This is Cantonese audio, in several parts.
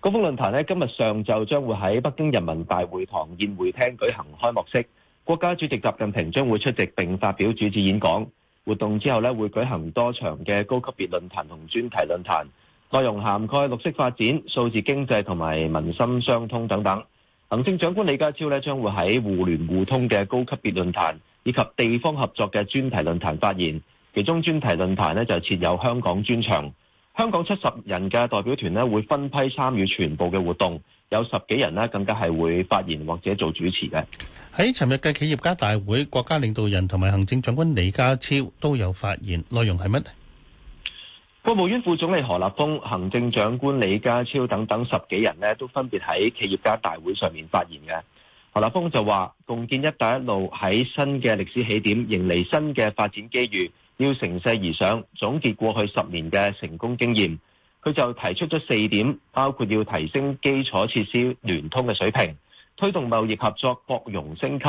高峰論壇呢，今日上晝將會喺北京人民大會堂宴會廳舉行開幕式，國家主席習近平將會出席並發表主旨演講。活動之後呢，會舉行多場嘅高級別論壇同專題論壇，內容涵蓋綠色發展、數字經濟同埋民心相通等等。行政長官李家超呢，將會喺互聯互通嘅高級別論壇以及地方合作嘅專題論壇發言，其中專題論壇呢，就設有香港專場。香港七十人嘅代表團咧，會分批參與全部嘅活動，有十幾人咧，更加係會發言或者做主持嘅。喺尋日嘅企業家大會，國家領導人同埋行政長官李家超都有發言是什麼，內容係乜？國務院副總理何立峰、行政長官李家超等等十幾人咧，都分別喺企業家大會上面發言嘅。何立峰就話：共建「一帶一路」喺新嘅歷史起點迎嚟新嘅發展機遇，要乘勢而上，總結過去十年嘅成功經驗，佢就提出咗四點，包括要提升基礎設施聯通嘅水平，推動貿易合作擴容升級，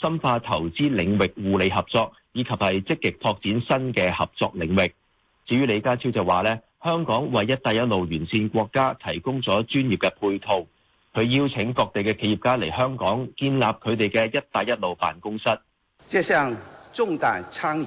深化投資領域互利合作，以及係積極拓展新嘅合作領域。至於李家超就話咧，香港為一帶一路沿線國家提供咗專業嘅配套，佢邀請各地嘅企業家嚟香港建立佢哋嘅一帶一路辦公室，即係向重大倡議。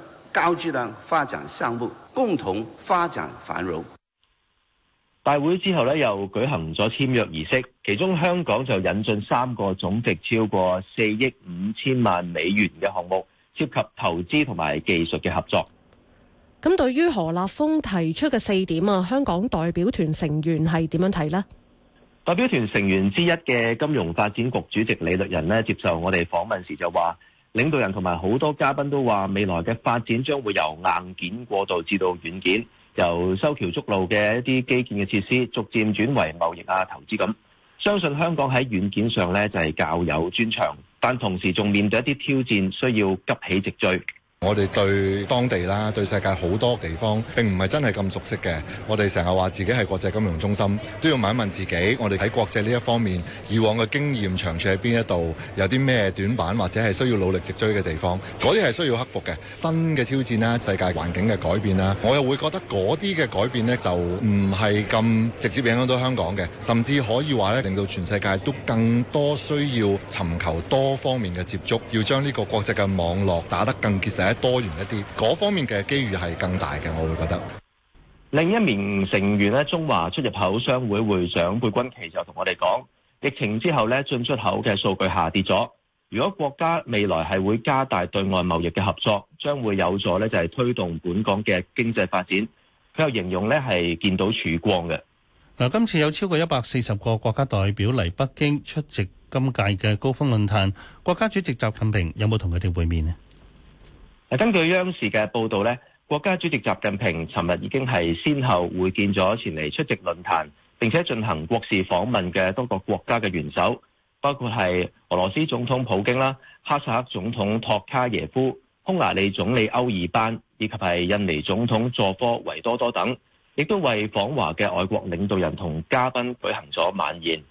高質量發展項目，共同發展繁榮。大會之後又舉行咗簽約儀式，其中香港就引進三個總值超過四億五千萬美元嘅項目，涉及投資同埋技術嘅合作。咁對於何立峰提出嘅四點啊，香港代表團成員係點樣睇呢？代表團成員之一嘅金融發展局主席李律仁呢，接受我哋訪問時就話。領導人同埋好多嘉賓都話，未來嘅發展將會由硬件過渡至到軟件，由修橋築路嘅一啲基建嘅設施，逐漸轉為貿易呀、投資噉。相信香港喺軟件上呢就係較有專長，但同時仲面對一啲挑戰，需要急起直追。我哋對當地啦，對世界好多地方，並唔係真係咁熟悉嘅。我哋成日話自己係國際金融中心，都要問一問自己，我哋喺國際呢一方面以往嘅經驗長處喺邊一度，有啲咩短板或者係需要努力直追嘅地方，嗰啲係需要克服嘅。新嘅挑戰啦，世界環境嘅改變啦，我又會覺得嗰啲嘅改變咧，就唔係咁直接影響到香港嘅，甚至可以話咧，令到全世界都更多需要尋求多方面嘅接觸，要將呢個國際嘅網絡打得更結實。多元一啲，嗰方面嘅機遇係更大嘅，我會覺得另一名成員咧，中華出入口商會會長貝君奇就同我哋講，疫情之後咧，進出口嘅數據下跌咗。如果國家未來係會加大對外貿易嘅合作，將會有助咧，就係推動本港嘅經濟發展。佢又形容咧係見到曙光嘅嗱。今次有超過一百四十個國家代表嚟北京出席今屆嘅高峰論壇，國家主席習近平有冇同佢哋會面呢？根據央視嘅報道咧，國家主席習近平尋日已經係先後會見咗前嚟出席論壇，並且進行國事訪問嘅多個國家嘅元首，包括係俄羅斯總統普京啦、哈薩克總統托卡耶夫、匈牙利總理歐爾班以及係印尼總統佐科維多多等，亦都為訪華嘅外國領導人同嘉賓舉行咗晚宴。